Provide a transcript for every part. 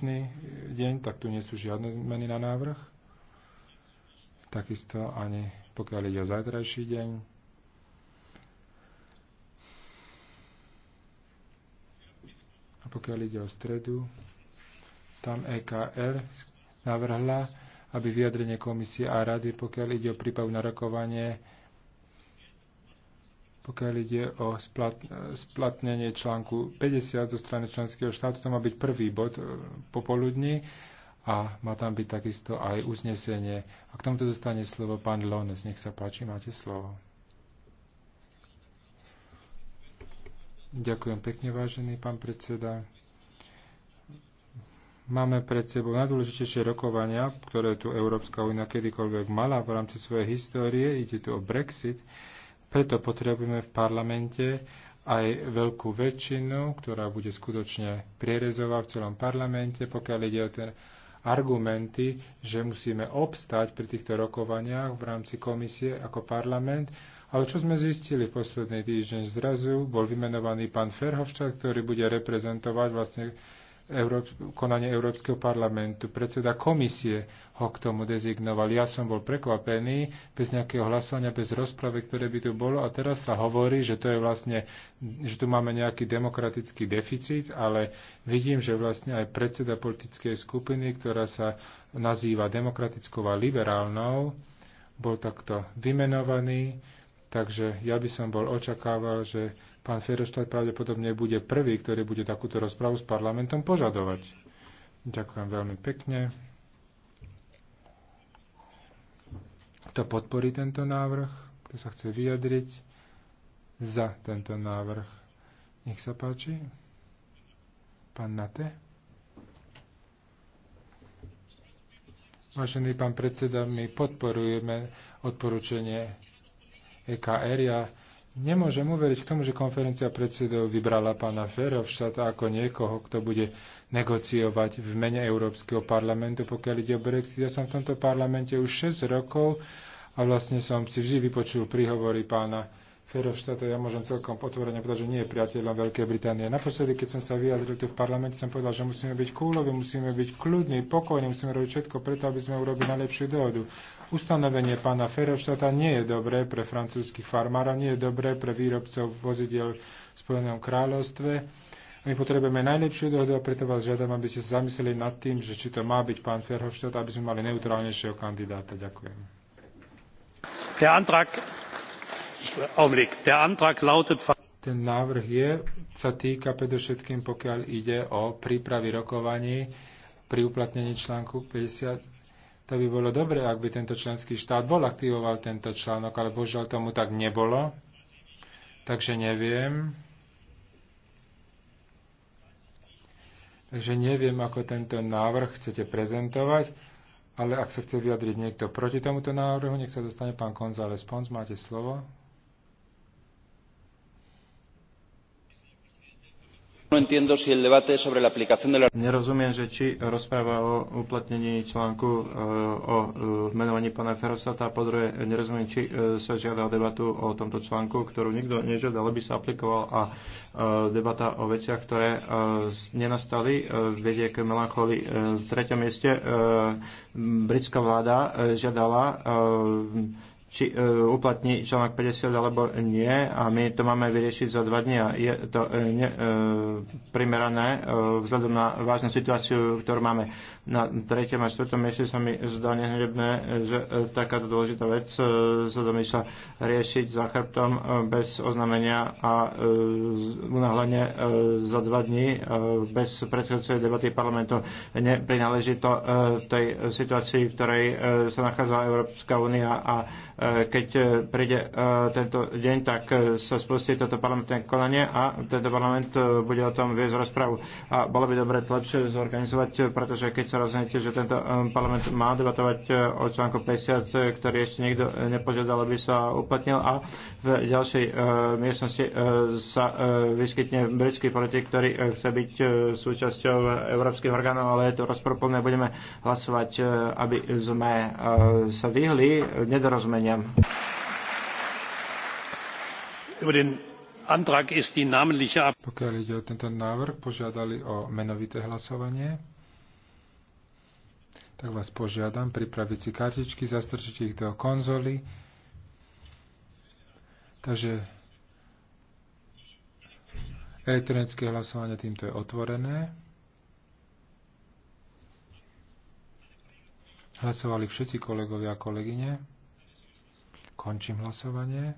dnešný deň, tak tu nie sú žiadne zmeny na návrh. Takisto ani pokiaľ ide o zajtrajší deň. A pokiaľ ide o stredu, tam EKR navrhla, aby vyjadrenie komisie a rady, pokiaľ ide o prípavu na rokovanie, pokiaľ ide o splat, splatnenie článku 50 zo strany členského štátu, to má byť prvý bod e, popoludní a má tam byť takisto aj uznesenie. A k tomuto dostane slovo pán Lones. Nech sa páči, máte slovo. Ďakujem pekne, vážený pán predseda. Máme pred sebou najdôležitejšie rokovania, ktoré tu Európska únia kedykoľvek mala v rámci svojej histórie. Ide tu o Brexit. Preto potrebujeme v parlamente aj veľkú väčšinu, ktorá bude skutočne prierezová v celom parlamente, pokiaľ ide o ten argumenty, že musíme obstať pri týchto rokovaniach v rámci komisie ako parlament. Ale čo sme zistili v posledný týždeň zrazu, bol vymenovaný pán Ferhovštát, ktorý bude reprezentovať vlastne Európ- konanie Európskeho parlamentu. Predseda komisie ho k tomu dezignoval. Ja som bol prekvapený, bez nejakého hlasovania, bez rozpravy, ktoré by tu bolo. A teraz sa hovorí, že to je vlastne, že tu máme nejaký demokratický deficit, ale vidím, že vlastne aj predseda politickej skupiny, ktorá sa nazýva demokratickou a liberálnou, bol takto vymenovaný. Takže ja by som bol očakával, že Pán Feroštát pravdepodobne bude prvý, ktorý bude takúto rozpravu s parlamentom požadovať. Ďakujem veľmi pekne. Kto podporí tento návrh? Kto sa chce vyjadriť za tento návrh? Nech sa páči. Pán Nate. Vážený pán predseda, my podporujeme odporúčanie EKR. Ja Nemôžem uveriť k tomu, že konferencia predsedov vybrala pána Ferovšata ako niekoho, kto bude negociovať v mene Európskeho parlamentu, pokiaľ ide o Brexit. Ja som v tomto parlamente už 6 rokov a vlastne som si vždy vypočul príhovory pána Ferovštáta, ja môžem celkom potvorene povedať, že nie je priateľom Veľkej Británie. Naposledy, keď som sa vyjadril tu v parlamente, som povedal, že musíme byť kúlovi, musíme byť kľudní, pokojní, musíme robiť všetko preto, aby sme urobili najlepšiu dohodu. Ustanovenie pána Ferovštáta nie je dobré pre francúzskych farmárov, nie je dobré pre výrobcov vozidiel v Spojenom kráľovstve. My potrebujeme najlepšiu dohodu a preto vás žiadam, aby ste sa zamysleli nad tým, že či to má byť pán Ferhoštát, aby sme mali neutrálnejšieho kandidáta. Ďakujem. Der Antrag ten návrh je, sa týka predovšetkým, pokiaľ ide o prípravy rokovaní pri uplatnení článku 50. To by bolo dobre, ak by tento členský štát bol aktivoval tento článok, ale božiaľ tomu tak nebolo. Takže neviem. Takže neviem, ako tento návrh chcete prezentovať, ale ak sa chce vyjadriť niekto proti tomuto návrhu, nech sa dostane pán González Pons, máte slovo. No nerozumiem, že či rozpráva o uplatnení článku e, o e, menovaní pána Ferosata a po nerozumiem, či e, sa žiada debatu o tomto článku, ktorú nikto nežiadal, aby sa aplikoval a debata o veciach, ktoré nenastali, vedie k melancholi. V treťom mieste britská vláda žiadala či e, uplatní článok 50 alebo nie a my to máme vyriešiť za dva dní a je to e, ne, e, primerané e, vzhľadom na vážnu situáciu, ktorú máme na 3. a 4. mieste sa mi zdá nehnebné, že e, takáto dôležitá vec e, sa domýšľa riešiť za chrbtom e, bez oznamenia a e, unáhlenie e, za dva dní e, bez predchádzajúcej debaty parlamentu neprináleží to e, tej situácii, v ktorej e, sa nachádza Európska únia a Eh, keď eh, príde eh, tento deň, tak sa spustí toto parlamentné konanie a tento parlament bude o tom viesť rozpravu. A bolo by dobre to lepšie zorganizovať, pretože keď sa rozhodnete, že tento parlament má debatovať o článku 50, ktorý ešte niekto nepožiadal, aby sa uplatnil a v ďalšej miestnosti sa vyskytne britský politik, ktorý chce byť súčasťou európskych orgánov, ale je to rozporuplné. Budeme hlasovať, aby sme sa vyhli nedorozumenia kolegyňam. Pokiaľ ide o tento návrh, požiadali o menovité hlasovanie. Tak vás požiadam pripraviť si kartičky, zastrčiť ich do konzoly. Takže elektronické hlasovanie týmto je otvorené. Hlasovali všetci kolegovia a kolegyne. Končím hlasovanie.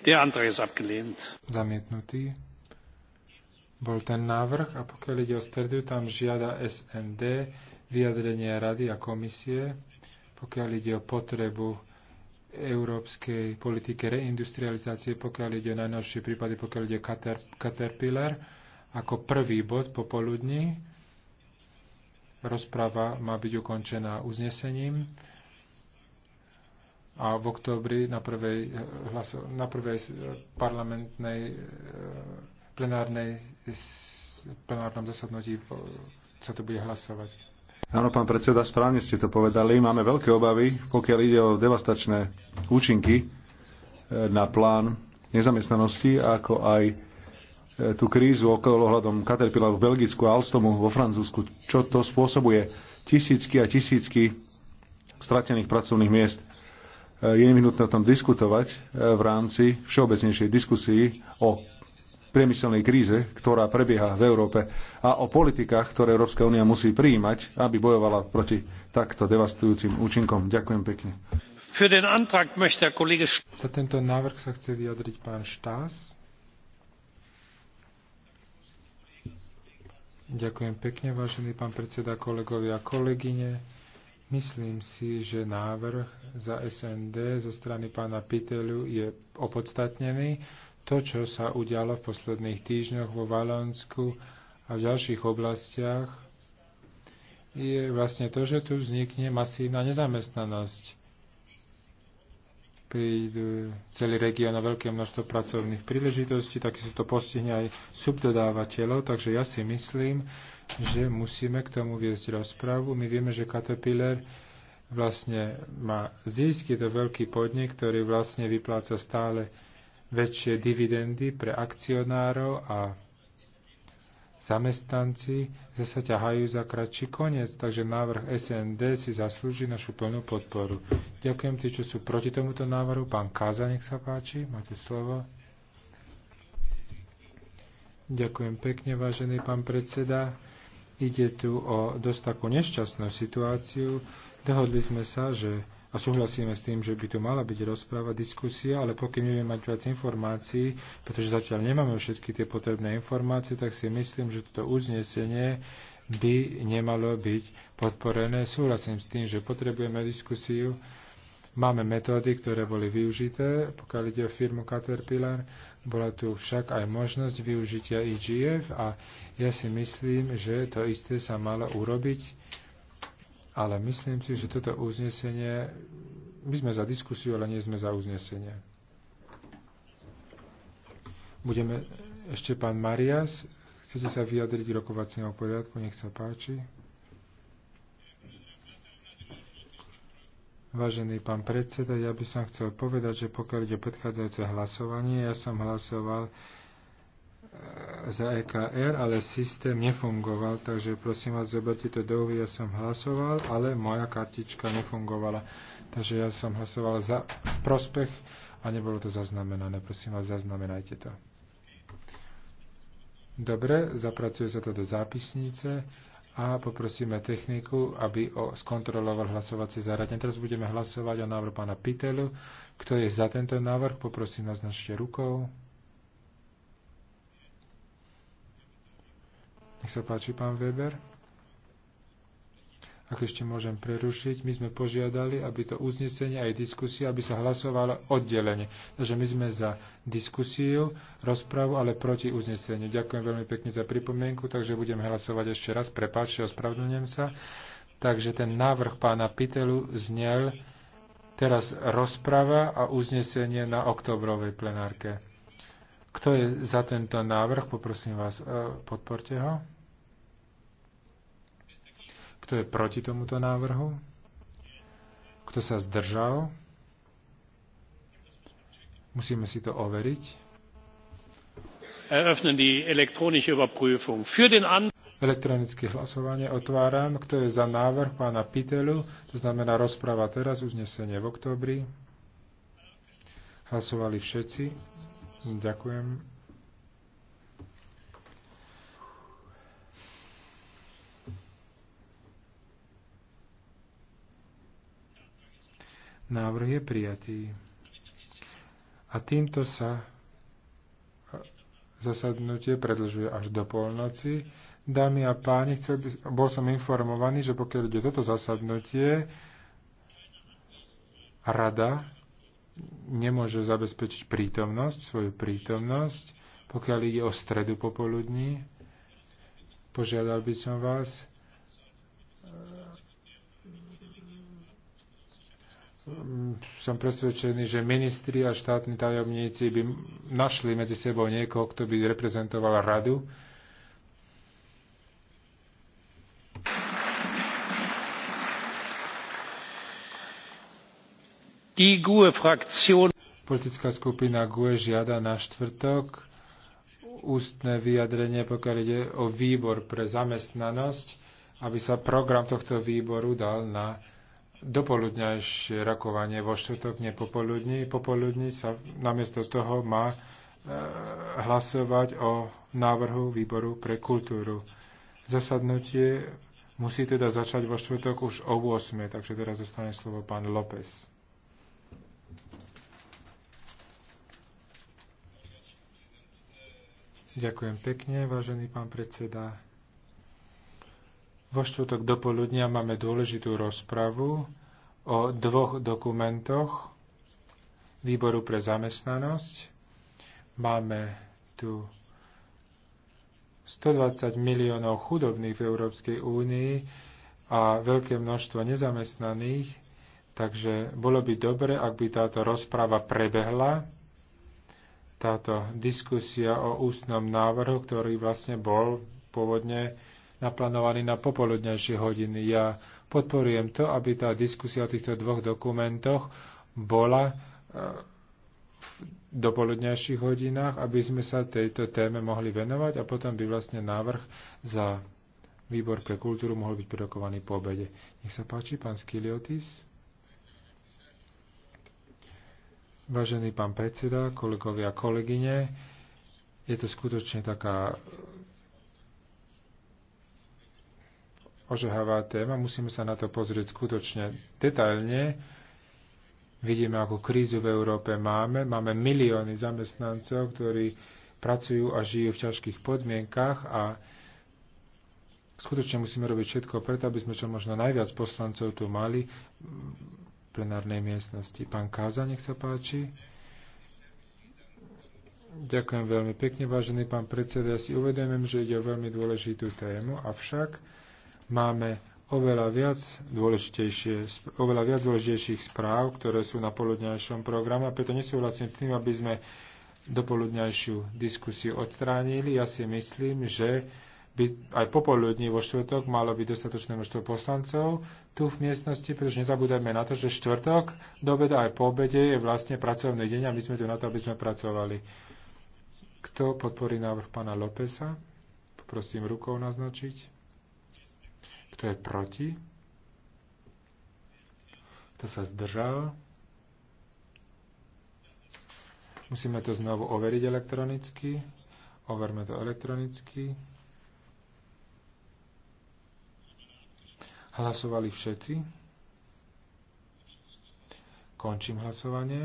Der ist abgelehnt. Zamietnutý bol ten návrh a pokiaľ ide o stredu, tam žiada SND vyjadrenie rady a komisie, pokiaľ ide o potrebu európskej politike reindustrializácie, pokiaľ ide o najnovšie prípady, pokiaľ ide o Caterpillar, ako prvý bod popoludní Rozprava má byť ukončená uznesením a v oktobri na prvej, eh, hlaso, na prvej eh, parlamentnej eh, plenárnej plenárnom zasadnutí sa to bude hlasovať. Áno, pán predseda, správne ste to povedali. Máme veľké obavy, pokiaľ ide o devastačné účinky na plán nezamestnanosti, ako aj tú krízu okolo ohľadom Katerpila v Belgicku a Alstomu vo Francúzsku, čo to spôsobuje? Tisícky a tisícky stratených pracovných miest. E, je nevyhnutné o tom diskutovať e, v rámci všeobecnejšej diskusii o priemyselnej kríze, ktorá prebieha v Európe a o politikách, ktoré Európska únia musí prijímať, aby bojovala proti takto devastujúcim účinkom. Ďakujem pekne. Za tento návrh sa chce vyjadriť pán Štás. Ďakujem pekne, vážený pán predseda, kolegovia a kolegyne. Myslím si, že návrh za SND zo strany pána Pitelu je opodstatnený. To, čo sa udialo v posledných týždňoch vo Valonsku a v ďalších oblastiach, je vlastne to, že tu vznikne masívna nezamestnanosť prídu e, celý región a veľké množstvo pracovných príležitostí, tak sa to postihne aj subdodávateľov, takže ja si myslím, že musíme k tomu viesť rozprávu. My vieme, že Caterpillar vlastne má zisk, je to veľký podnik, ktorý vlastne vypláca stále väčšie dividendy pre akcionárov a zamestnanci zase ťahajú za kratší koniec, takže návrh SND si zaslúži našu plnú podporu. Ďakujem tí, čo sú proti tomuto návrhu. Pán Káza, nech sa páči, máte slovo. Ďakujem pekne, vážený pán predseda. Ide tu o dosť takú nešťastnú situáciu. Dohodli sme sa, že a súhlasíme s tým, že by tu mala byť rozpráva, diskusia, ale pokým nebudeme mať viac informácií, pretože zatiaľ nemáme všetky tie potrebné informácie, tak si myslím, že toto uznesenie by nemalo byť podporené. Súhlasím s tým, že potrebujeme diskusiu. Máme metódy, ktoré boli využité, pokiaľ ide o firmu Caterpillar. Bola tu však aj možnosť využitia IGF e a ja si myslím, že to isté sa malo urobiť ale myslím si, že toto uznesenie, my sme za diskusiu, ale nie sme za uznesenie. Budeme ešte pán Marias. Chcete sa vyjadriť rokovacieho poriadku? Nech sa páči. Vážený pán predseda, ja by som chcel povedať, že pokiaľ ide predchádzajúce hlasovanie, ja som hlasoval za EKR, ale systém nefungoval, takže prosím vás, zoberte to do úvy, ja som hlasoval, ale moja kartička nefungovala. Takže ja som hlasoval za prospech a nebolo to zaznamenané. Prosím vás, zaznamenajte to. Dobre, zapracuje sa to do zápisnice a poprosíme techniku, aby o, skontroloval hlasovacie zariadenie. Teraz budeme hlasovať o návrhu pána Pitelu. Kto je za tento návrh, poprosím nás našte rukou. Nech sa páči, pán Weber. Ak ešte môžem prerušiť, my sme požiadali, aby to uznesenie aj diskusia, aby sa hlasovalo oddelenie. Takže my sme za diskusiu, rozpravu, ale proti uzneseniu. Ďakujem veľmi pekne za pripomienku, takže budem hlasovať ešte raz. Prepáčte, ospravedlňujem sa. Takže ten návrh pána Pitelu znel teraz rozprava a uznesenie na oktobrovej plenárke. Kto je za tento návrh? Poprosím vás, eh, podporte ho. Kto je proti tomuto návrhu? Kto sa zdržal? Musíme si to overiť. Eröffnen die elektronische Überprüfung. Für den An Elektronické hlasovanie otváram. Kto je za návrh pána Pitelu? To znamená rozpráva teraz, uznesenie v oktobri. Hlasovali všetci. Ďakujem. Návrh je prijatý. A týmto sa zasadnutie predlžuje až do polnoci. Dámy a páni, chcel by, bol som informovaný, že pokiaľ ide toto zasadnutie, rada nemôže zabezpečiť prítomnosť, svoju prítomnosť, pokiaľ ide o stredu popoludní. Požiadal by som vás, Mm, som presvedčený, že ministri a štátni tajomníci by našli medzi sebou niekoho, kto by reprezentoval radu. E Politická skupina GUE žiada na štvrtok ústne vyjadrenie, pokiaľ ide o výbor pre zamestnanosť, aby sa program tohto výboru dal na dopoludňajšie rakovanie vo štvrtok, nie popoludní. Popoludní sa namiesto toho má e, hlasovať o návrhu výboru pre kultúru. Zasadnutie musí teda začať vo štvrtok už o 8. Takže teraz zostane slovo pán López. Ďakujem pekne, vážený pán predseda. Vo štvrtok dopoludnia máme dôležitú rozpravu o dvoch dokumentoch Výboru pre zamestnanosť. Máme tu 120 miliónov chudobných v Európskej únii a veľké množstvo nezamestnaných, takže bolo by dobre, ak by táto rozpráva prebehla, táto diskusia o ústnom návrhu, ktorý vlastne bol pôvodne naplánovaný na popoludnejšie hodiny. Ja podporujem to, aby tá diskusia o týchto dvoch dokumentoch bola e, v dopoludnejších hodinách, aby sme sa tejto téme mohli venovať a potom by vlastne návrh za výbor pre kultúru mohol byť prerokovaný po obede. Nech sa páči, pán Skiliotis. Vážený pán predseda, kolegovia a kolegyne, je to skutočne taká ožehavá téma, musíme sa na to pozrieť skutočne detailne. Vidíme, ako krízu v Európe máme. Máme milióny zamestnancov, ktorí pracujú a žijú v ťažkých podmienkach a skutočne musíme robiť všetko preto, aby sme čo možno najviac poslancov tu mali v plenárnej miestnosti. Pán Káza, nech sa páči. Ďakujem veľmi pekne, vážený pán predseda. Ja si uvedomím, že ide o veľmi dôležitú tému, avšak máme oveľa viac, oveľa viac dôležitejších správ, ktoré sú na poludňajšom programe a preto nesúhlasím s tým, aby sme dopoludňajšiu diskusiu odstránili. Ja si myslím, že by aj popoludní vo štvrtok malo byť dostatočné množstvo poslancov tu v miestnosti, pretože nezabúdajme na to, že štvrtok do obeda aj po obede je vlastne pracovný deň a my sme tu na to, aby sme pracovali. Kto podporí návrh pána Lópeza? Poprosím rukou naznačiť. Kto je proti? Kto sa zdržal? Musíme to znovu overiť elektronicky. Overme to elektronicky. Hlasovali všetci. Končím hlasovanie.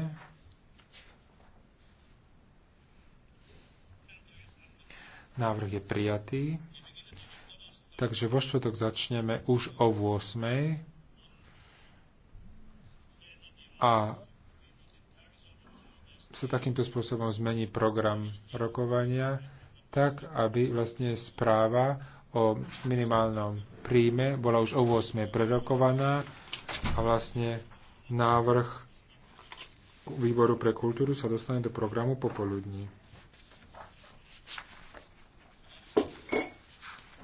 Návrh je prijatý. Takže vo štvrtok začneme už o 8. A sa takýmto spôsobom zmení program rokovania, tak aby vlastne správa o minimálnom príjme bola už o 8. prerokovaná a vlastne návrh výboru pre kultúru sa dostane do programu popoludní.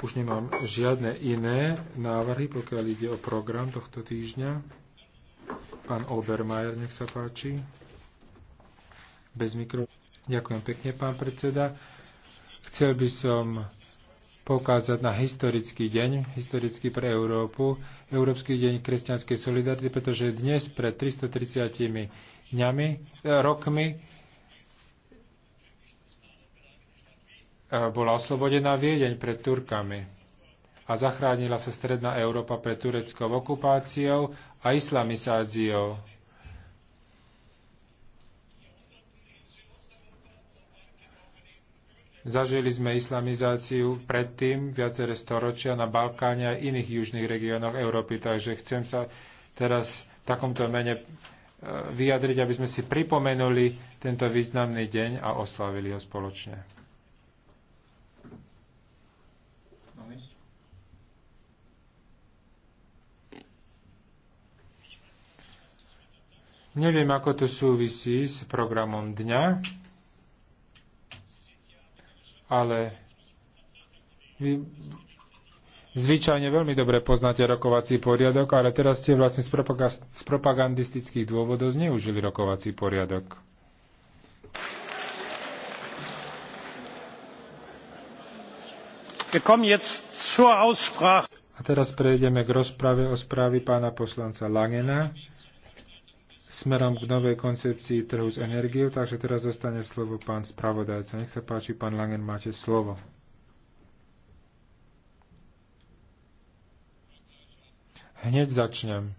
Už nemám žiadne iné návrhy, pokiaľ ide o program tohto týždňa. Pán Obermajer, nech sa páči. Bez mikro. Ďakujem pekne, pán predseda. Chcel by som poukázať na historický deň, historický pre Európu, Európsky deň kresťanskej solidarity, pretože dnes pred 330 dňami, rokmi E, bola oslobodená Viedeň pred Turkami a zachránila sa Stredná Európa pred tureckou okupáciou a islamizáciou. Zažili sme islamizáciu predtým, viaceré storočia na Balkáne a iných južných regiónoch Európy, takže chcem sa teraz v takomto mene e, vyjadriť, aby sme si pripomenuli tento významný deň a oslavili ho spoločne. Neviem, ako to súvisí s programom dňa, ale vy zvyčajne veľmi dobre poznáte rokovací poriadok, ale teraz ste vlastne z, propagandistických dôvodov zneužili rokovací poriadok. A teraz prejdeme k rozprave o správe pána poslanca Langena smerom k novej koncepcii trhu s energiou, takže teraz dostane slovo pán spravodajca. Nech sa páči, pán Langen, máte slovo. Hneď začnem.